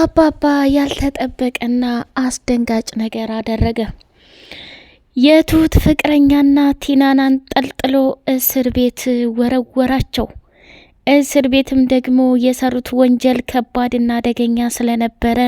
አባባ ያልተጠበቀና አስደንጋጭ ነገር አደረገ። የትሁት ፍቅረኛና ቲናናን ጠልጥሎ እስር ቤት ወረወራቸው። እስር ቤትም ደግሞ የሰሩት ወንጀል ከባድና አደገኛ ስለነበረ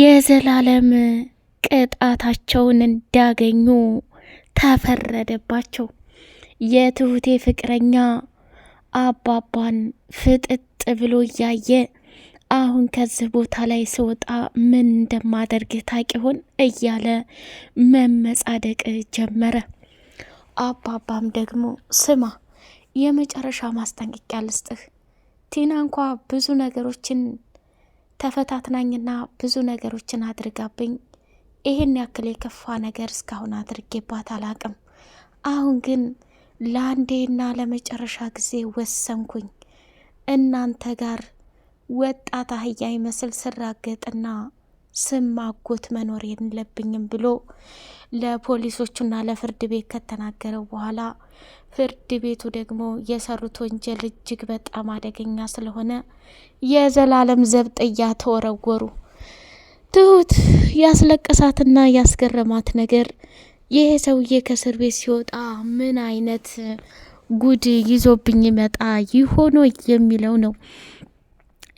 የዘላለም ቅጣታቸውን እንዳገኙ ተፈረደባቸው። የትሁቴ ፍቅረኛ አባባን ፍጥጥ ብሎ እያየ አሁን ከዚህ ቦታ ላይ ስወጣ ምን እንደማደርግ ታቂ ሆን እያለ መመጻደቅ ጀመረ። አባባም ደግሞ ስማ፣ የመጨረሻ ማስጠንቀቂያ ልስጥህ። ቲና እንኳ ብዙ ነገሮችን ተፈታትናኝና ብዙ ነገሮችን አድርጋብኝ ይሄን ያክል የከፋ ነገር እስካሁን አድርጌባት አላቅም። አሁን ግን ለአንዴና ለመጨረሻ ጊዜ ወሰንኩኝ እናንተ ጋር ወጣት አህያ ይመስል ስራገጥና ስም ማጎት መኖር የለብኝም ብሎ ለፖሊሶቹና ለፍርድ ቤት ከተናገረው በኋላ ፍርድ ቤቱ ደግሞ የሰሩት ወንጀል እጅግ በጣም አደገኛ ስለሆነ የዘላለም ዘብጥያ ተወረወሩ። ትሁት ያስለቀሳትና ያስገረማት ነገር ይሄ ሰውዬ ከእስር ቤት ሲወጣ ምን አይነት ጉድ ይዞብኝ ይመጣ ይሆኖ የሚለው ነው።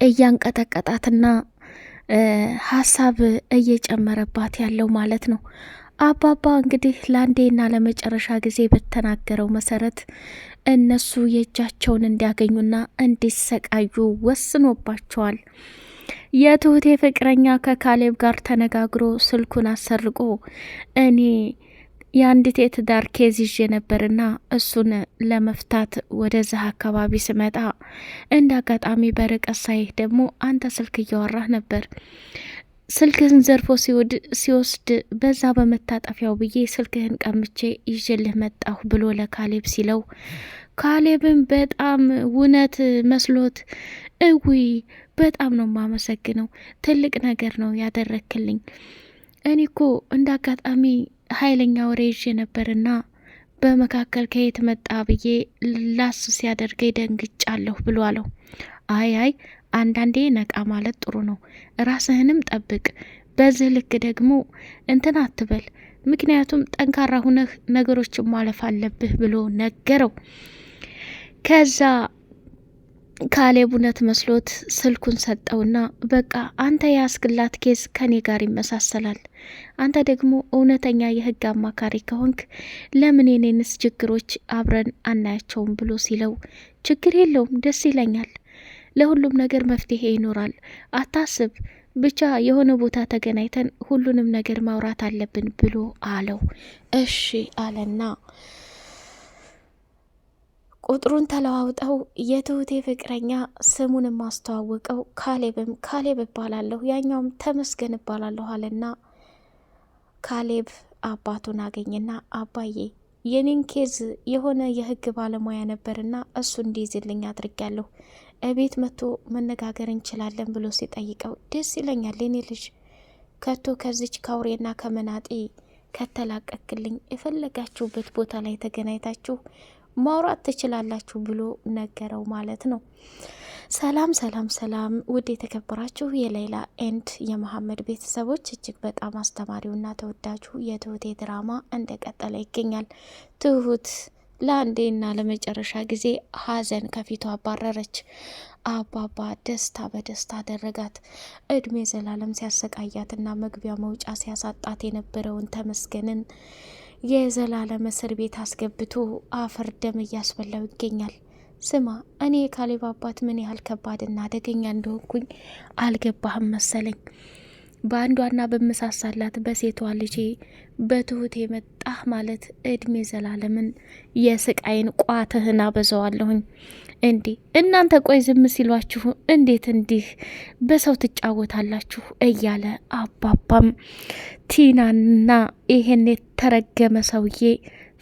እያንቀጠቀጣትና ሀሳብ እየጨመረባት ያለው ማለት ነው። አባባ እንግዲህ ለአንዴና ለመጨረሻ ጊዜ በተናገረው መሰረት እነሱ የእጃቸውን እንዲያገኙና እንዲሰቃዩ ወስኖባቸዋል። የትሁቴ ፍቅረኛ ከካሌብ ጋር ተነጋግሮ ስልኩን አሰርቆ እኔ የአንዲት የትዳር ኬዝ ይዤ ነበርና እሱን ለመፍታት ወደዚህ አካባቢ ስመጣ እንደ አጋጣሚ በርቀት ሳይህ ደግሞ አንተ ስልክ እያወራህ ነበር። ስልክህን ዘርፎ ሲወስድ በዛ በመታጠፊያው ብዬ ስልክህን ቀምቼ ይዤልህ መጣሁ ብሎ ለካሌብ ሲለው ካሌብን በጣም ውነት መስሎት እዊ በጣም ነው ማመሰግነው። ትልቅ ነገር ነው ያደረክልኝ። እኔ እኮ እንደ አጋጣሚ ኃይለኛ ወሬ ይዤ ነበርና በመካከል ከየት መጣ ብዬ ላስ ሲያደርገኝ ደንግጫለሁ ብሎ አለው። አይ አይ አንዳንዴ ነቃ ማለት ጥሩ ነው። ራስህንም ጠብቅ። በዚህ ልክ ደግሞ እንትን አትበል። ምክንያቱም ጠንካራ ሁነህ ነገሮችን ማለፍ አለብህ ብሎ ነገረው። ከዛ ካሌብ እውነት መስሎት ስልኩን ሰጠውና በቃ አንተ የያዝክላት ኬዝ ከኔ ጋር ይመሳሰላል። አንተ ደግሞ እውነተኛ የህግ አማካሪ ከሆንክ ለምን የኔንስ ችግሮች አብረን አናያቸውም ብሎ ሲለው ችግር የለውም ደስ ይለኛል፣ ለሁሉም ነገር መፍትሄ ይኖራል፣ አታስብ፣ ብቻ የሆነ ቦታ ተገናኝተን ሁሉንም ነገር ማውራት አለብን ብሎ አለው። እሺ አለና ቁጥሩን ተለዋውጠው የትሁቴ ፍቅረኛ ስሙን የማስተዋወቀው ካሌብም ካሌብ እባላለሁ ያኛውም ተመስገን እባላለሁ አለና ካሌብ አባቱን አገኝና አባዬ የኔን ኬዝ የሆነ የህግ ባለሙያ ነበርና እሱ እንዲይዝልኝ አድርጊያለሁ እቤት መጥቶ መነጋገር እንችላለን ብሎ ሲጠይቀው ደስ ይለኛል የኔ ልጅ ከቶ ከዚች ካውሬና ከመናጤ ከተላቀክልኝ የፈለጋችሁበት ቦታ ላይ ተገናኝታችሁ ማውራት ትችላላችሁ ብሎ ነገረው ማለት ነው። ሰላም ሰላም ሰላም! ውድ የተከበራችሁ የሌላ ኤንድ የመሐመድ ቤተሰቦች እጅግ በጣም አስተማሪውና ተወዳጁ የትሁቴ ድራማ እንደቀጠለ ይገኛል። ትሁት ለአንዴና ለመጨረሻ ጊዜ ሀዘን ከፊቷ አባረረች። አባባ ደስታ በደስታ አደረጋት። እድሜ ዘላለም ሲያሰቃያትና መግቢያ መውጫ ሲያሳጣት የነበረውን ተመስገንን የዘላለም እስር ቤት አስገብቶ አፈር ደም እያስበላው ይገኛል። ስማ እኔ የካሌብ አባት ምን ያህል ከባድና አደገኛ እንደሆንኩኝ አልገባህም መሰለኝ። በአንዷና በመሳሳላት በሴቷ ልጄ በትሁት መጣህ ማለት እድሜ ዘላለምን የስቃይን ቋትህን አበዛዋለሁኝ። እንዴ እናንተ ቆይ ዝም ሲሏችሁ እንዴት እንዲህ በሰው ትጫወታላችሁ? እያለ አባባም ቲናና ይሄን የተረገመ ሰውዬ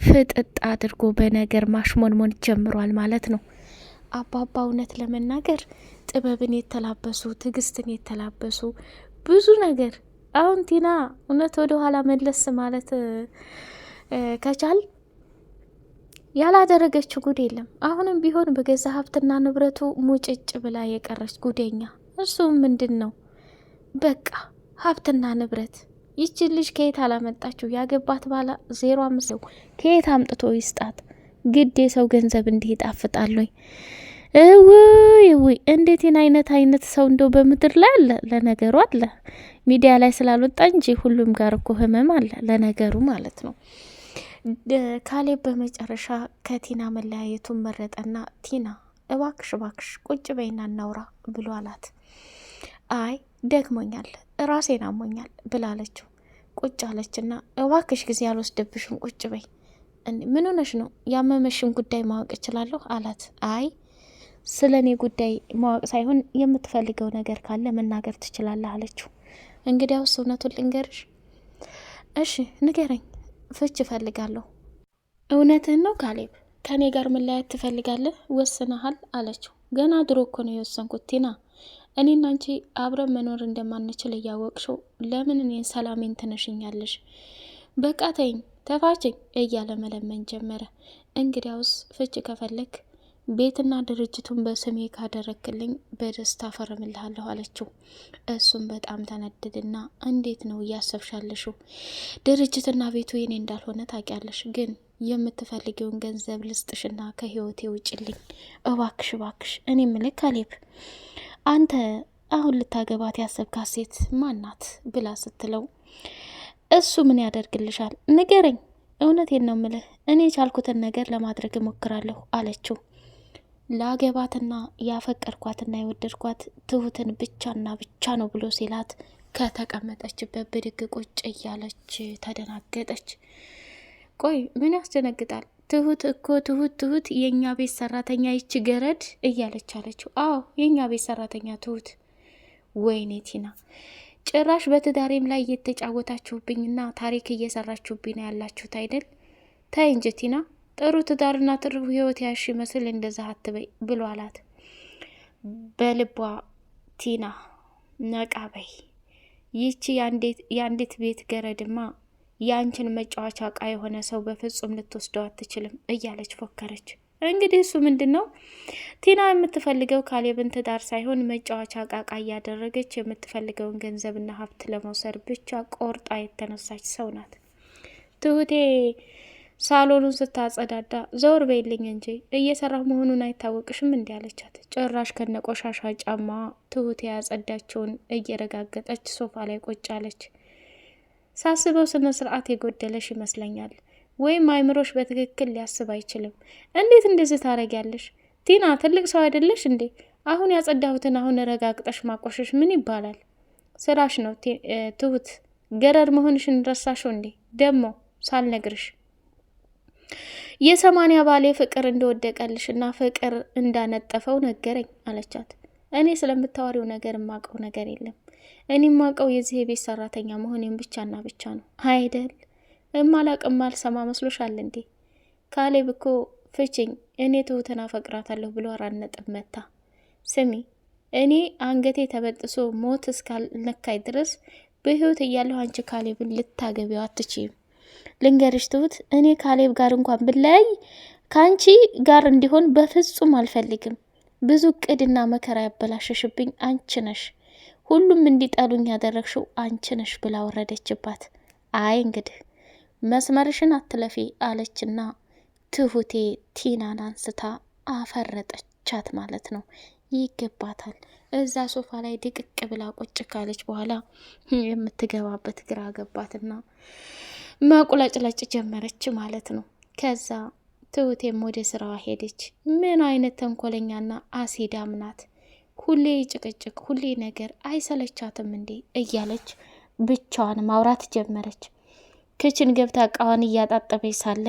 ፍጥጥ አድርጎ በነገር ማሽሞንሞን ጀምሯል ማለት ነው። አባባ እውነት ለመናገር ጥበብን የተላበሱ ትዕግስትን የተላበሱ ብዙ ነገር አሁን ቲና እውነት ወደ ኋላ መለስ ማለት ከቻል ያላደረገችው ጉድ የለም። አሁንም ቢሆን በገዛ ሀብትና ንብረቱ ሙጭጭ ብላ የቀረች ጉደኛ። እሱም ምንድን ነው በቃ ሀብትና ንብረት። ይችን ልጅ ከየት አላመጣችው? ያገባት ባላ ዜሮ አምስት ከየት አምጥቶ ይስጣት? ግድ የሰው ገንዘብ እንዲህ ይጣፍጣል ውይ እንዴትን አይነት አይነት ሰው እንደው በምድር ላይ አለ። ለነገሩ አለ ሚዲያ ላይ ስላልወጣ እንጂ ሁሉም ጋር እኮ ህመም አለ። ለነገሩ ማለት ነው። ካሌብ በመጨረሻ ከቲና መለያየቱን መረጠና ቲና እባክሽ እባክሽ ቁጭ በይና እናውራ ብሎ አላት። አይ ደክሞኛል፣ ራሴን አሞኛል ብላለችው። ቁጭ አለችና እባክሽ ጊዜ አልወስደብሽም ቁጭ በይ። ምን ሆነሽ ነው ያመመሽን ጉዳይ ማወቅ እችላለሁ አላት። አይ ስለ እኔ ጉዳይ ማወቅ ሳይሆን የምትፈልገው ነገር ካለ መናገር ትችላለህ አለችው። እንግዲያውስ እውነቱን ልንገርሽ? እሺ ንገረኝ። ፍች እፈልጋለሁ። እውነትህን ነው ካሌብ? ከእኔ ጋር መለያየት ትፈልጋለህ? ወስነሃል? አለችው። ገና ድሮ እኮ ነው የወሰንኩት ቲና። እኔና አንቺ አብረን መኖር እንደማንችል እያወቅሽው ለምን እኔን ሰላሜን ትነሽኛለሽ? በቃ ተይኝ፣ ተፋችኝ እያለ መለመን ጀመረ። እንግዲያውስ ፍች ከፈለግ ቤትና ድርጅቱን በስሜ ካደረክልኝ በደስታ ፈርምልሃለሁ አለችው። እሱም በጣም ተነደድና እንዴት ነው እያሰብሻለሽው? ድርጅትና ቤቱ የኔ እንዳልሆነ ታውቂያለሽ፣ ግን የምትፈልጊውን ገንዘብ ልስጥሽና ከህይወቴ ውጭልኝ እባክሽ፣ እባክሽ። እኔ ምልክ ካሌብ አንተ አሁን ልታገባት ያሰብካት ሴት ማናት? ብላ ስትለው እሱ ምን ያደርግልሻል? ንገረኝ። እውነቴን ነው ምልህ እኔ የቻልኩትን ነገር ለማድረግ እሞክራለሁ አለችው። ላገባትና ያፈቀርኳትና የወደድኳት ትሁትን ብቻና ብቻ ነው ብሎ ሲላት ከተቀመጠችበት ብድግ ቁጭ እያለች ተደናገጠች። ቆይ ምን ያስደነግጣል? ትሁት እኮ ትሁት ትሁት የእኛ ቤት ሰራተኛ ይች ገረድ እያለች አለችው። አዎ የእኛ ቤት ሰራተኛ ትሁት። ወይኔ ቲና ጭራሽ በትዳሬም ላይ እየተጫወታችሁብኝና ታሪክ እየሰራችሁብኝ ነው ያላችሁት አይደል? ተይ እንጂ ቲና ጥሩ ትዳርና ጥሩ ህይወት ያሽ ይመስል እንደዛ አትበይ ብሎ አላት። በልቧ ቲና ነቃበይ ይቺ የአንዲት ቤት ገረድማ የአንችን መጫወቻ እቃ የሆነ ሰው በፍጹም ልትወስደው አትችልም እያለች ፎከረች። እንግዲህ እሱ ምንድን ነው ቲና የምትፈልገው ካሌብን ትዳር ሳይሆን መጫወቻ እቃቃ እያደረገች የምትፈልገውን ገንዘብና ሀብት ለመውሰድ ብቻ ቆርጣ የተነሳች ሰው ናት። ትሁቴ ሳሎኑን ስታጸዳዳ ዘወር በይልኝ እንጂ እየሰራሁ መሆኑን አይታወቅሽም እንዲ አለቻት። ጭራሽ ከነቆሻሻ ጫማዋ ትሁት ያጸዳቸውን እየረጋገጠች ሶፋ ላይ ቁጭ አለች። ሳስበው ስነ ስርዓት የጎደለሽ ይመስለኛል፣ ወይም አይምሮሽ በትክክል ሊያስብ አይችልም። እንዴት እንደዚህ ታረጊያለሽ? ቲና ትልቅ ሰው አይደለሽ እንዴ? አሁን ያጸዳሁትን አሁን ረጋግጠሽ ማቆሸሽ ምን ይባላል? ስራሽ ነው ትሁት። ገረድ መሆንሽን ረሳሽው እንዴ? ደግሞ ሳልነግርሽ የሰማንያ ባሌ ፍቅር እንደወደቀልሽ እና ፍቅር እንዳነጠፈው ነገረኝ አለቻት። እኔ ስለምታወሪው ነገር የማውቀው ነገር የለም። እኔ የማውቀው የዚህ የቤት ሰራተኛ መሆኔን ብቻና ብቻ ነው አይደል? እማላቅ ማልሰማ መስሎሻል እንዴ? ካሌብ እኮ ፍችኝ፣ እኔ ትሁትን አፈቅራታለሁ ብሎ አራት ነጥብ መታ። ስሚ እኔ አንገቴ ተበጥሶ ሞት እስካልነካይ ድረስ በህይወት እያለሁ አንቺ ካሌብን ልታገቢው አትችይም። ልንገርሽ ትሁት፣ እኔ ካሌብ ጋር እንኳን ብለያይ ከአንቺ ጋር እንዲሆን በፍጹም አልፈልግም። ብዙ እቅድና መከራ ያበላሸሽብኝ አንቺ ነሽ፣ ሁሉም እንዲጠሉኝ ያደረግሽው አንቺ ነሽ ብላ ወረደችባት። አይ እንግዲህ መስመርሽን አትለፊ አለችና ትሁቴ ቲናን አንስታ አፈረጠቻት ማለት ነው። ይገባታል። እዛ ሶፋ ላይ ድቅቅ ብላ ቁጭ ካለች በኋላ የምትገባበት ግራ ገባትና መቁለጭለጭ ጀመረች ማለት ነው። ከዛ ትሁቴም ወደ ስራዋ ሄደች። ምን አይነት ተንኮለኛና አሲዳም ናት! ሁሌ ጭቅጭቅ፣ ሁሌ ነገር አይሰለቻትም እንዴ እያለች ብቻዋን ማውራት ጀመረች። ክችን ገብታ እቃዋን እያጣጠበች ሳለ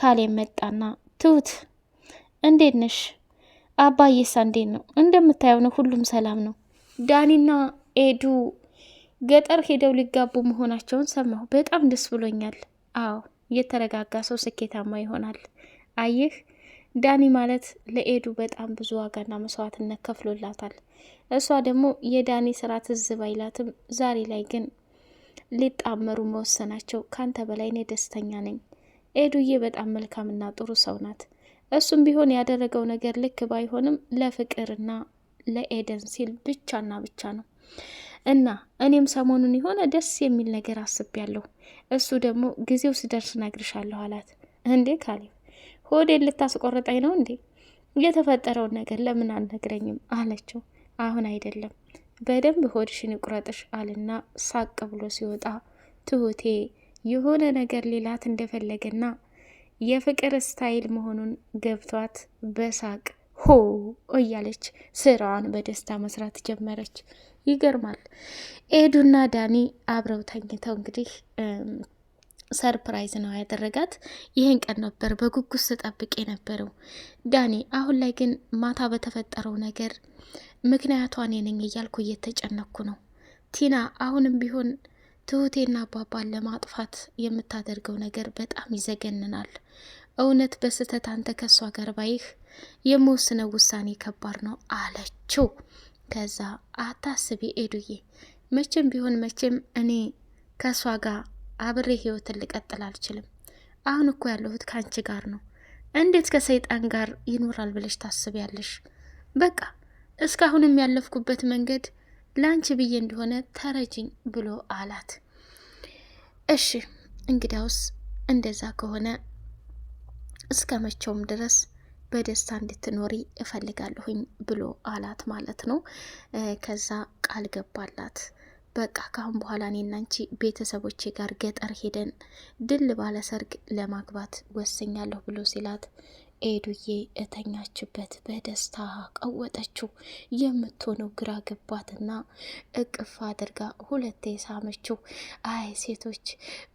ካሌ መጣና ትሁት እንዴት ነሽ? አባዬሳ እንዴት ነው? እንደምታየው ነው፣ ሁሉም ሰላም ነው። ዳኒና ኤዱ ገጠር ሄደው ሊጋቡ መሆናቸውን ሰማሁ። በጣም ደስ ብሎኛል። አዎ የተረጋጋ ሰው ስኬታማ ይሆናል። አየህ ዳኒ ማለት ለኤዱ በጣም ብዙ ዋጋና መስዋዕትነት ከፍሎላታል። እሷ ደግሞ የዳኒ ስራ ትዝ ባይላትም ዛሬ ላይ ግን ሊጣመሩ መወሰናቸው ካንተ በላይ እኔ ደስተኛ ነኝ። ኤዱዬ በጣም መልካምና ጥሩ ሰው ናት። እሱም ቢሆን ያደረገው ነገር ልክ ባይሆንም ለፍቅርና ለኤደን ሲል ብቻና ብቻ ነው። እና እኔም ሰሞኑን የሆነ ደስ የሚል ነገር አስቤያለሁ። እሱ ደግሞ ጊዜው ሲደርስ ነግርሻለሁ አላት። እንዴ ካሌብ ሆዴን ልታስቆርጠኝ ነው እንዴ? የተፈጠረውን ነገር ለምን አልነግረኝም አለችው። አሁን አይደለም በደንብ ሆድሽን ይቁረጥሽ አልና ሳቅ ብሎ ሲወጣ ትሁቴ የሆነ ነገር ሌላት እንደፈለገና የፍቅር ስታይል መሆኑን ገብቷት በሳቅ ሆ እያለች ስራዋን በደስታ መስራት ጀመረች። ይገርማል። ኤዱና ዳኒ አብረው ተኝተው እንግዲህ ሰርፕራይዝ ነው ያደረጋት። ይህን ቀን ነበር በጉጉት ስጠብቅ የነበረው ዳኒ። አሁን ላይ ግን ማታ በተፈጠረው ነገር ምክንያቷን የነኝ እያልኩ እየተጨነኩ ነው። ቲና አሁንም ቢሆን ትሁቴና አባባን ለማጥፋት የምታደርገው ነገር በጣም ይዘገንናል። እውነት በስህተት አንተ ከሷ ጋር ባይህ የምወስነው ውሳኔ ከባድ ነው አለችው። ከዛ አታስቢ ኤዱዬ፣ መቼም ቢሆን መቼም እኔ ከእሷ ጋር አብሬ ህይወትን ልቀጥል አልችልም። አሁን እኮ ያለሁት ከአንቺ ጋር ነው። እንዴት ከሰይጣን ጋር ይኖራል ብለሽ ታስቢያለሽ? በቃ እስካሁንም ያለፍኩበት መንገድ ለአንቺ ብዬ እንደሆነ ተረጅኝ ብሎ አላት። እሺ እንግዲያውስ እንደዛ ከሆነ እስከ መቼውም ድረስ በደስታ እንድትኖሪ እፈልጋለሁኝ ብሎ አላት ማለት ነው። ከዛ ቃል ገባላት። በቃ ካሁን በኋላ እኔና አንቺ ቤተሰቦቼ ጋር ገጠር ሄደን ድል ባለ ሰርግ ለማግባት ወሰኛለሁ ብሎ ሲላት ኤዱዬ እተኛችበት በደስታ ቀወጠችው። የምትሆነው ግራ ገባትና እቅፍ አድርጋ ሁለቴ ሳመችው። አይ ሴቶች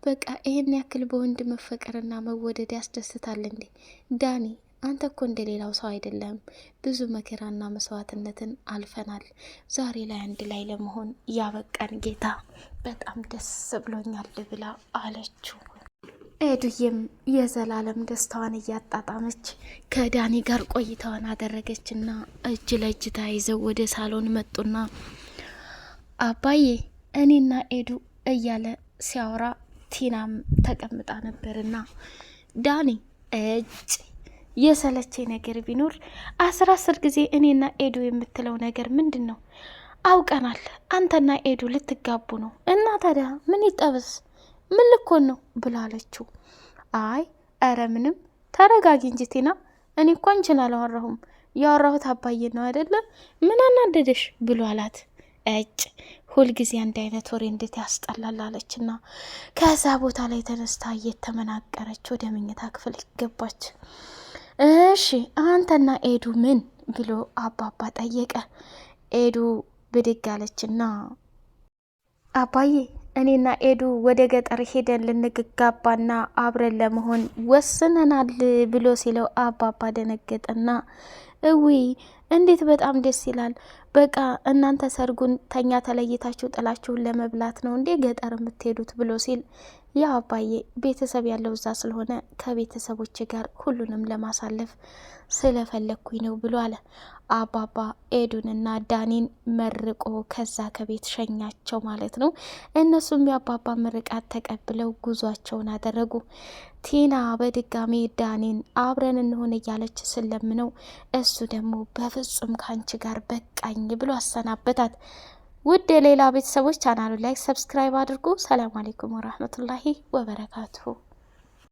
በቃ ይህን ያክል በወንድ መፈቀርና መወደድ ያስደስታል እንዴ ዳኒ አንተ እኮ እንደ ሌላው ሰው አይደለም። ብዙ መከራና መስዋዕትነትን አልፈናል። ዛሬ ላይ አንድ ላይ ለመሆን ያበቃን ጌታ በጣም ደስ ብሎኛል ብላ አለችው። ኤዱዬም የዘላለም ደስታዋን እያጣጣመች ከዳኒ ጋር ቆይታዋን አደረገችና እጅ ለእጅ ተያይዘው ወደ ሳሎን መጡና አባዬ እኔና ኤዱ እያለ ሲያወራ ቲናም ተቀምጣ ነበርና ዳኒ እጭ የሰለቼ ነገር ቢኖር አስራ አስር ጊዜ እኔና ኤዱ የምትለው ነገር ምንድን ነው? አውቀናል፣ አንተና ኤዱ ልትጋቡ ነው እና ታዲያ ምን ይጠበስ? ምን ልኮን ነው ብላለችው። አይ ኧረ ምንም ተረጋጊ እንጂ ቲና፣ እኔ እኮ አንቺን አላወራሁም ያወራሁት አባዬ ነው አይደለም? ምን አናደደሽ ብሎ አላት። እጭ ሁልጊዜ አንድ አይነት ወሬ እንዴት ያስጠላል አለችና ከዛ ቦታ ላይ ተነስታ እየተመናቀረች ወደ መኝታ ክፍል ገባች። እሺ አንተና ኤዱ ምን ብሎ አባባ ጠየቀ። ኤዱ ብድግ አለችና አባዬ እኔና ኤዱ ወደ ገጠር ሄደን ልንጋባና አብረን ለመሆን ወስነናል ብሎ ሲለው አባባ ደነገጠና እዊ እንዴት በጣም ደስ ይላል። በቃ እናንተ ሰርጉን ተኛ ተለይታችሁ ጥላችሁን ለመብላት ነው እንዴ ገጠር የምትሄዱት? ብሎ ሲል ያ አባዬ ቤተሰብ ያለው እዛ ስለሆነ ከቤተሰቦች ጋር ሁሉንም ለማሳለፍ ስለፈለግኩኝ ነው ብሎ አለ። አባባ ኤዱንና ዳኒን መርቆ ከዛ ከቤት ሸኛቸው ማለት ነው። እነሱም የአባባ ምርቃት ተቀብለው ጉዟቸውን አደረጉ። ቲና በድጋሚ ዳኒን አብረን እንሆን እያለች ስለምነው፣ እሱ ደግሞ በፍጹም ከአንቺ ጋር በቃኝ ብሎ አሰናበታት። ውድ የሌላ ቤተሰቦች ቻናሉ ላይ ሰብስክራይብ አድርጉ። ሰላም አሌይኩም ወራህመቱላሂ ወበረካቱሁ።